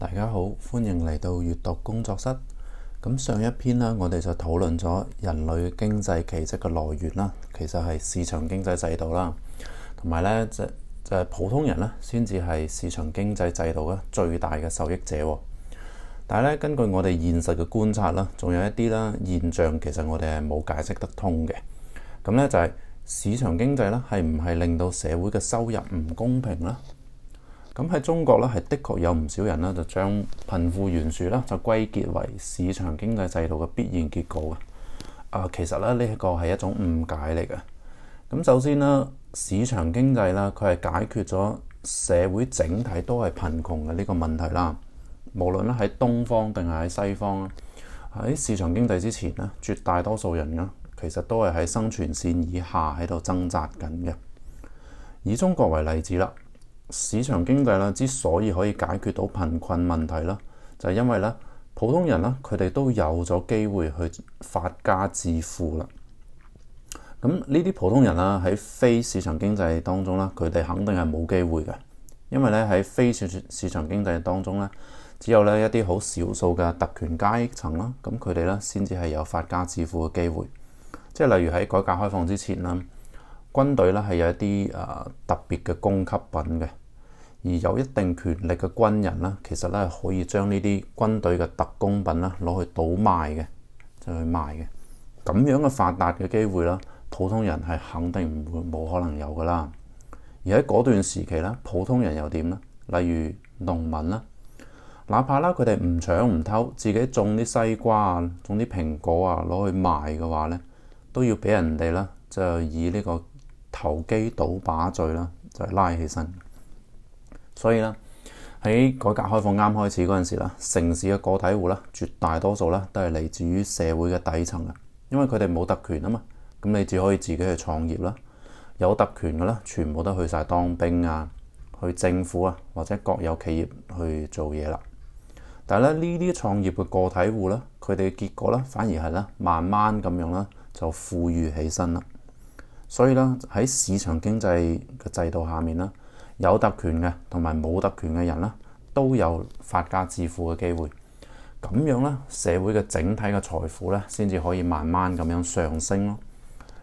大家好，歡迎嚟到閱讀工作室。咁上一篇咧，我哋就討論咗人類經濟奇迹嘅來源啦，其實係市場經濟制度啦，同埋呢，就就係普通人咧，先至係市場經濟制度嘅最大嘅受益者。但係咧，根據我哋現實嘅觀察啦，仲有一啲啦現象，其實我哋係冇解釋得通嘅。咁呢，就係市場經濟咧，係唔係令到社會嘅收入唔公平咧？咁喺中國咧，係的確有唔少人咧，就將貧富懸殊咧，就歸結為市場經濟制度嘅必然結果嘅。啊，其實咧呢一個係一種誤解嚟嘅。咁首先咧，市場經濟啦，佢係解決咗社會整體都係貧窮嘅呢個問題啦。無論咧喺東方定係喺西方，喺市場經濟之前咧，絕大多數人啊，其實都係喺生存線以下喺度掙扎緊嘅。以中國為例子啦。市場經濟啦，之所以可以解決到貧困問題啦，就係因為咧，普通人啦，佢哋都有咗機會去發家致富啦。咁呢啲普通人啦，喺非市場經濟當中啦，佢哋肯定係冇機會嘅，因為咧喺非市市場經濟當中咧，只有咧一啲好少數嘅特權階層啦，咁佢哋咧先至係有發家致富嘅機會。即係例如喺改革開放之前啦，軍隊咧係有一啲誒特別嘅供給品嘅。而有一定權力嘅軍人咧，其實咧可以將呢啲軍隊嘅特供品咧攞去倒賣嘅，就去賣嘅。咁樣嘅發達嘅機會啦。普通人係肯定唔會冇可能有噶啦。而喺嗰段時期咧，普通人又點咧？例如農民啦，哪怕啦佢哋唔搶唔偷，自己種啲西瓜啊，種啲蘋果啊，攞去賣嘅話咧，都要俾人哋咧就以呢個投機倒把罪啦，就係拉起身。所以咧，喺改革開放啱開始嗰陣時啦，城市嘅個體戶咧，絕大多數咧都係嚟自於社會嘅底層嘅，因為佢哋冇特權啊嘛，咁你只可以自己去創業啦。有特權嘅咧，全部都去晒當兵啊，去政府啊，或者國有企業去做嘢啦。但係咧，呢啲創業嘅個體戶咧，佢哋嘅結果咧反而係咧，慢慢咁樣咧就富裕起身啦。所以咧，喺市場經濟嘅制度下面咧。有特權嘅同埋冇特權嘅人啦，都有發家致富嘅機會。咁樣咧，社會嘅整體嘅財富咧，先至可以慢慢咁樣上升咯。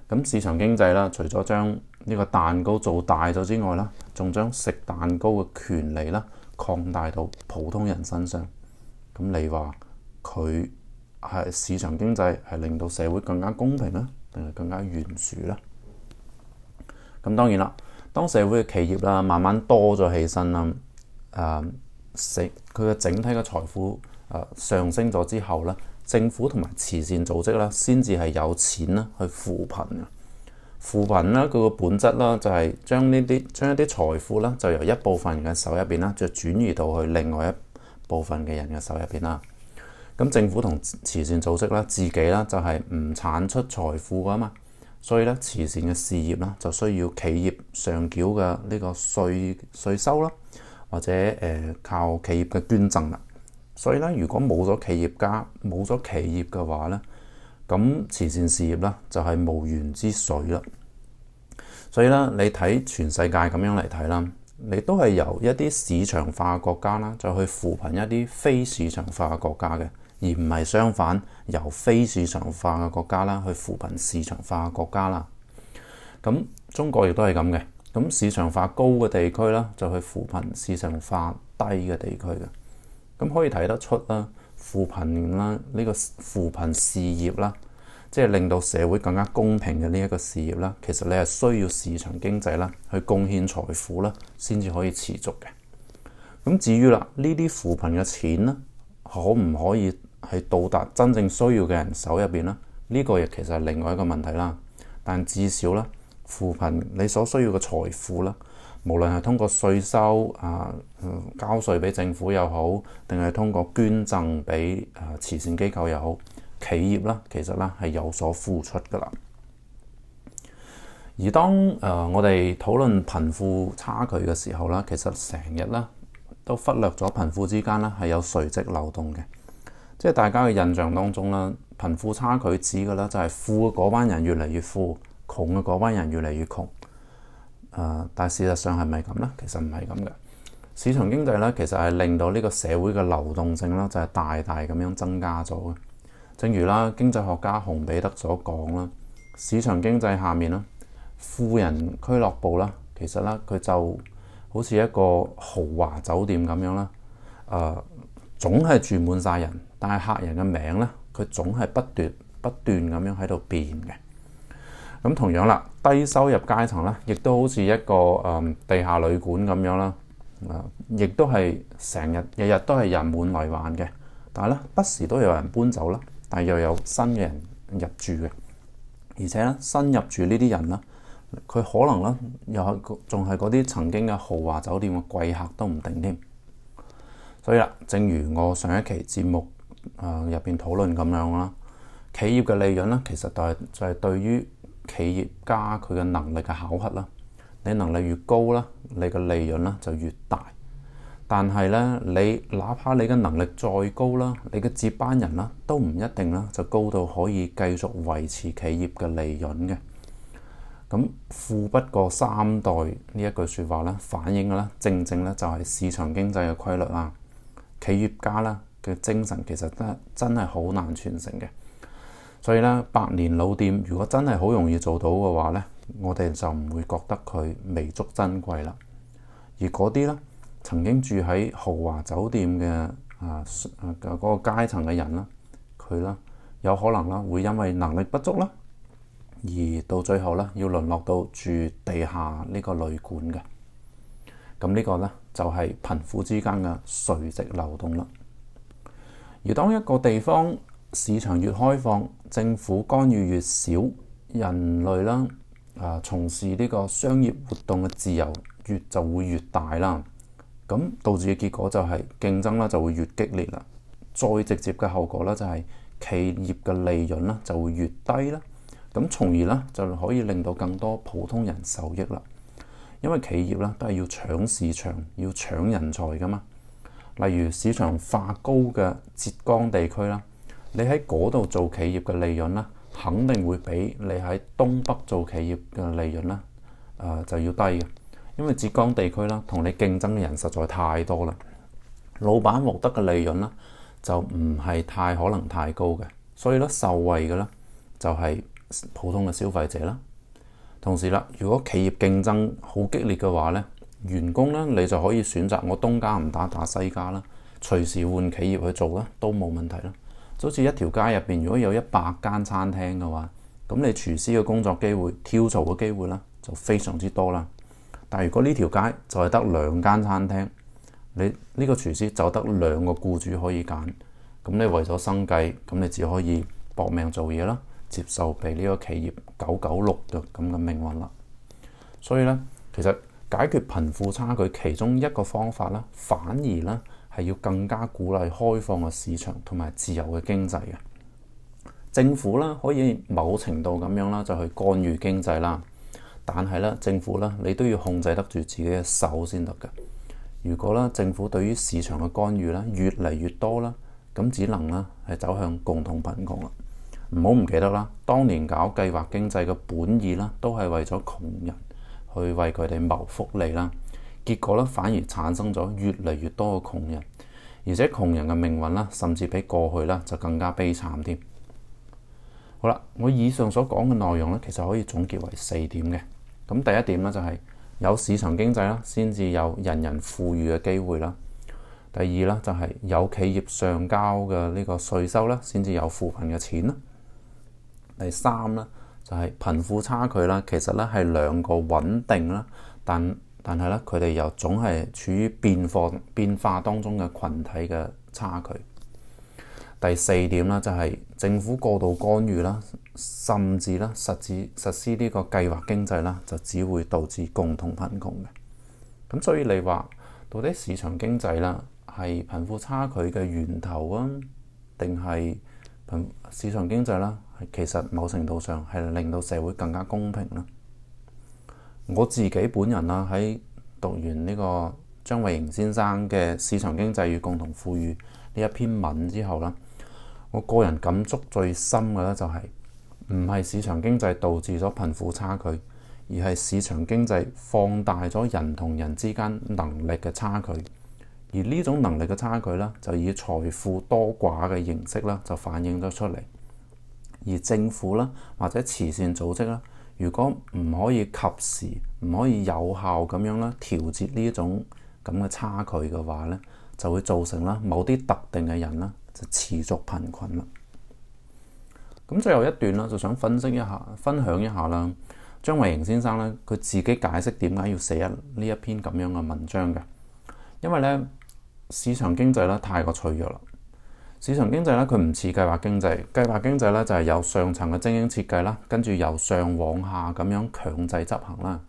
咁、嗯、市場經濟啦，除咗將呢個蛋糕做大咗之外啦，仲將食蛋糕嘅權利啦擴大到普通人身上。咁、嗯、你話佢係市場經濟係令到社會更加公平咧，定係更加懸殊咧？咁、嗯、當然啦。當社會嘅企業啦，慢慢多咗起身啦，誒整佢嘅整體嘅財富誒、呃、上升咗之後咧，政府同埋慈善組織啦，先至係有錢啦去扶貧嘅。扶貧咧，佢嘅本質咧就係將呢啲將一啲財富啦，就由一部分人嘅手入邊啦，就轉移到去另外一部分嘅人嘅手入邊啦。咁政府同慈善組織啦，自己啦就係唔產出財富噶嘛。所以咧，慈善嘅事業咧，就需要企業上繳嘅呢個稅稅收啦，或者誒、呃、靠企業嘅捐贈啦。所以咧，如果冇咗企業家、冇咗企業嘅話咧，咁慈善事業咧就係無源之水啦。所以咧，你睇全世界咁樣嚟睇啦，你都係由一啲市場化國家啦，就去扶貧一啲非市場化國家嘅。而唔係相反，由非市場化嘅國家啦去扶貧市場化嘅國家啦。咁中國亦都係咁嘅。咁市場化高嘅地區啦，就去扶貧市場化低嘅地區嘅。咁可以睇得出啦，扶貧啦，呢個扶貧事業啦，即係令到社會更加公平嘅呢一個事業啦，其實你係需要市場經濟啦去貢獻財富啦，先至可以持續嘅。咁至於啦，呢啲扶貧嘅錢呢，可唔可以，係到達真正需要嘅人手入邊啦，呢個亦其實係另外一個問題啦。但至少咧，扶貧你所需要嘅財富啦，無論係通過稅收啊，交稅俾政府又好，定係通過捐贈俾啊慈善機構又好，企業啦其實啦係有所付出噶啦。而當誒、呃、我哋討論貧富差距嘅時候啦，其實成日啦都忽略咗貧富之間啦係有垂直流動嘅。即係大家嘅印象當中啦，貧富差距指嘅咧就係富嘅嗰班人越嚟越富，窮嘅嗰班人越嚟越窮。誒、呃，但係事實上係咪咁呢？其實唔係咁嘅。市場經濟咧，其實係令到呢個社會嘅流動性咧，就係、是、大大咁樣增加咗嘅。正如啦，經濟學家熊彼德所講啦，市場經濟下面啦，富人俱樂部啦，其實咧佢就好似一個豪華酒店咁樣啦，誒、呃，總係住滿晒人。但係客人嘅名咧，佢總係不斷不斷咁樣喺度變嘅。咁同樣啦，低收入階層咧，亦都好似一個誒、嗯、地下旅館咁樣啦，誒，亦都係成日日日都係人滿為患嘅。但係咧，不時都有人搬走啦，但係又有新嘅人入住嘅。而且咧，新入住呢啲人啦，佢可能咧又係仲係嗰啲曾經嘅豪華酒店嘅貴客都唔定添。所以啦，正如我上一期節目，入邊討論咁樣啦，企業嘅利潤咧，其實就係就係對於企業家佢嘅能力嘅考核啦。你能力越高啦，你嘅利潤咧就越大。但係咧，你哪怕你嘅能力再高啦，你嘅接班人啦都唔一定啦，就高到可以繼續維持企業嘅利潤嘅。咁富不過三代呢一句説話咧，反映嘅咧正正咧就係市場經濟嘅規律啦。企業家啦，嘅精神其實真真係好難傳承嘅，所以咧百年老店如果真係好容易做到嘅話咧，我哋就唔會覺得佢彌足珍貴啦。而嗰啲咧曾經住喺豪華酒店嘅啊嘅嗰、啊嗰個階層嘅人啦，佢啦有可能啦會因為能力不足啦，而到最後咧要淪落到住地下個個呢個旅館嘅。咁呢個咧就係、係、貧富之間嘅垂直流動啦。而當一個地方市場越開放，政府干預越少，人類啦啊從事呢個商業活動嘅自由越就會越大啦。咁導致嘅結果就係競爭啦就會越激烈啦。再直接嘅後果咧就係企業嘅利潤咧就會越低啦。咁從而咧就可以令到更多普通人受益啦。因為企業咧都係要搶市場、要搶人才㗎嘛。例如市場化高嘅浙江地區啦，你喺嗰度做企業嘅利潤啦，肯定會比你喺東北做企業嘅利潤啦，誒、呃、就要低嘅，因為浙江地區啦，同你競爭嘅人實在太多啦，老闆獲得嘅利潤啦，就唔係太可能太高嘅，所以咧受惠嘅咧就係普通嘅消費者啦。同時啦，如果企業競爭好激烈嘅話咧，員工咧，你就可以選擇我東家唔打打西家啦，隨時換企業去做啦，都冇問題啦。就好似一條街入邊，如果有一百間餐廳嘅話，咁你廚師嘅工作機會、跳槽嘅機會咧，就非常之多啦。但如果呢條街就係得兩間餐廳，你呢個廚師就得兩個雇主可以揀，咁你為咗生計，咁你只可以搏命做嘢啦，接受被呢個企業九九六嘅咁嘅命運啦。所以咧，其實～解決貧富差距其中一個方法咧，反而咧係要更加鼓勵開放嘅市場同埋自由嘅經濟嘅政府啦，可以某程度咁樣啦，就去干預經濟啦。但係咧，政府咧你都要控制得住自己嘅手先得嘅。如果咧政府對於市場嘅干預咧越嚟越多啦，咁只能咧係走向共同貧窮啦。唔好唔記得啦，當年搞計劃經濟嘅本意啦，都係為咗窮人。去為佢哋謀福利啦，結果咧反而產生咗越嚟越多嘅窮人，而且窮人嘅命運啦，甚至比過去啦就更加悲慘添。好啦，我以上所講嘅內容咧，其實可以總結為四點嘅。咁第一點咧就係有市場經濟啦，先至有人人富裕嘅機會啦。第二啦就係有企業上交嘅呢個稅收啦，先至有扶貧嘅錢啦。第三咧。就係貧富差距啦，其實咧係兩個穩定啦，但，但係咧佢哋又總係處於變化變化當中嘅群體嘅差距。第四點咧就係政府過度干預啦，甚至啦實止，實施呢個計劃經濟啦，就只會導致共同貧窮嘅。咁所以你話到底市場經濟啦係貧富差距嘅源頭啊，定係貧市場經濟啦？其實某程度上係令到社會更加公平啦。我自己本人啦，喺讀完呢個張維迎先生嘅《市場經濟與共同富裕》呢一篇文之後咧，我個人感觸最深嘅咧就係唔係市場經濟導致咗貧富差距，而係市場經濟放大咗人同人之間能力嘅差距，而呢種能力嘅差距咧就以財富多寡嘅形式咧就反映咗出嚟。而政府啦，或者慈善組織啦，如果唔可以及時、唔可以有效咁樣咧調節呢種咁嘅差距嘅話咧，就會造成啦某啲特定嘅人啦就持續貧困啦。咁最後一段啦，就想分析一下、分享一下啦。張維迎先生咧，佢自己解釋點解要寫一呢一篇咁樣嘅文章嘅，因為咧市場經濟咧太過脆弱啦。市場經濟咧，佢唔似計劃經濟。計劃經濟咧，就係由上層嘅精英設計啦，跟住由上往下咁樣強制執行啦。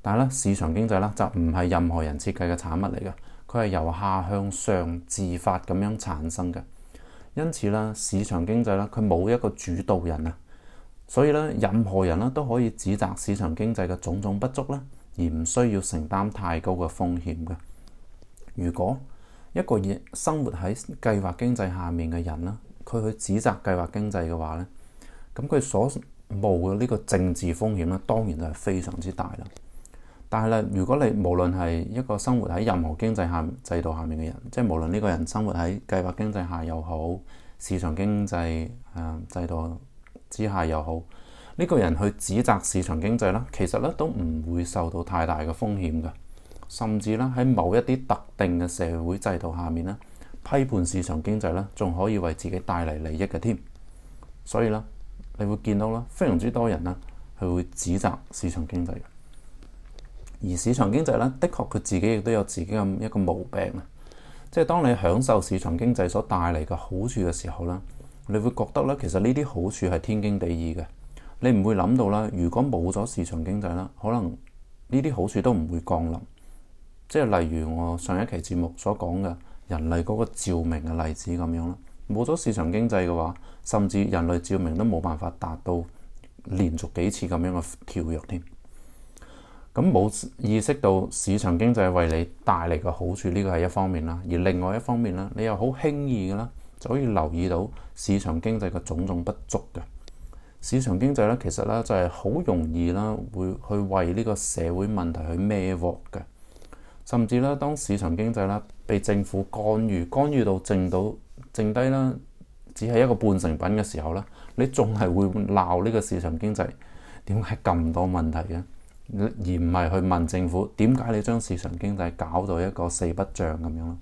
但係咧，市場經濟咧就唔係任何人設計嘅產物嚟嘅，佢係由下向上自發咁樣產生嘅。因此咧，市場經濟咧，佢冇一個主導人啊。所以咧，任何人咧都可以指責市場經濟嘅種種不足啦，而唔需要承擔太高嘅風險嘅。如果一個生活喺計劃經濟下面嘅人啦，佢去指責計劃經濟嘅話咧，咁佢所冒嘅呢個政治風險咧，當然就係非常之大啦。但係咧，如果你無論係一個生活喺任何經濟下制度下面嘅人，即係無論呢個人生活喺計劃經濟下又好，市場經濟誒、呃、制度之下又好，呢、呢個人去指責市場經濟啦，其實咧都唔會受到太大嘅風險㗎。甚至啦，喺某一啲特定嘅社會制度下面啦，批判市場經濟咧，仲可以為自己帶嚟利益嘅添。所以啦，你會見到啦，非常之多人啦係會指責市場經濟嘅。而市場經濟咧，的確佢自己亦都有自己咁一個毛病啊。即係當你享受市場經濟所帶嚟嘅好處嘅時候咧，你會覺得咧，其實呢啲好處係天經地義嘅。你唔會諗到啦，如果冇咗市場經濟啦，可能呢啲好處都唔會降臨。即係例如我上一期節目所講嘅人類嗰個照明嘅例子咁樣啦，冇咗市場經濟嘅話，甚至人類照明都冇辦法達到連續幾次咁樣嘅跳躍添。咁、嗯、冇意識到市場經濟為你帶嚟嘅好處呢、呢個係一方面啦，而另外一方面咧，你又好輕易嘅啦就可以留意到市場經濟嘅種種不足嘅。市場經濟咧，其實咧，就係、是、好容易啦，會去為呢個社會問題去孭鑊嘅。甚至啦，當市場經濟啦被政府干預，干預到剩到剩低啦，只係一個半成品嘅時候啦，你仲係會鬧呢個市場經濟點解咁多問題嘅，而唔係去問政府點解你將市場經濟搞到一個四不像咁樣咯。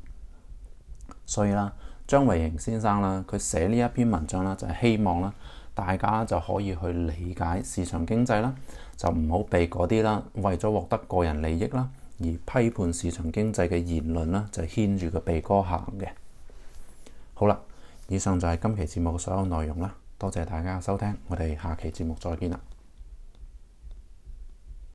所以啦，張維迎先生啦，佢寫呢一篇文章啦，就係希望啦，大家就可以去理解市場經濟啦，就唔好被嗰啲啦，為咗獲得個人利益啦。而批判市場經濟嘅言論呢，就牽住個鼻哥行嘅。好啦，以上就係今期節目嘅所有內容啦。多謝大家收聽，我哋下期節目再見啦。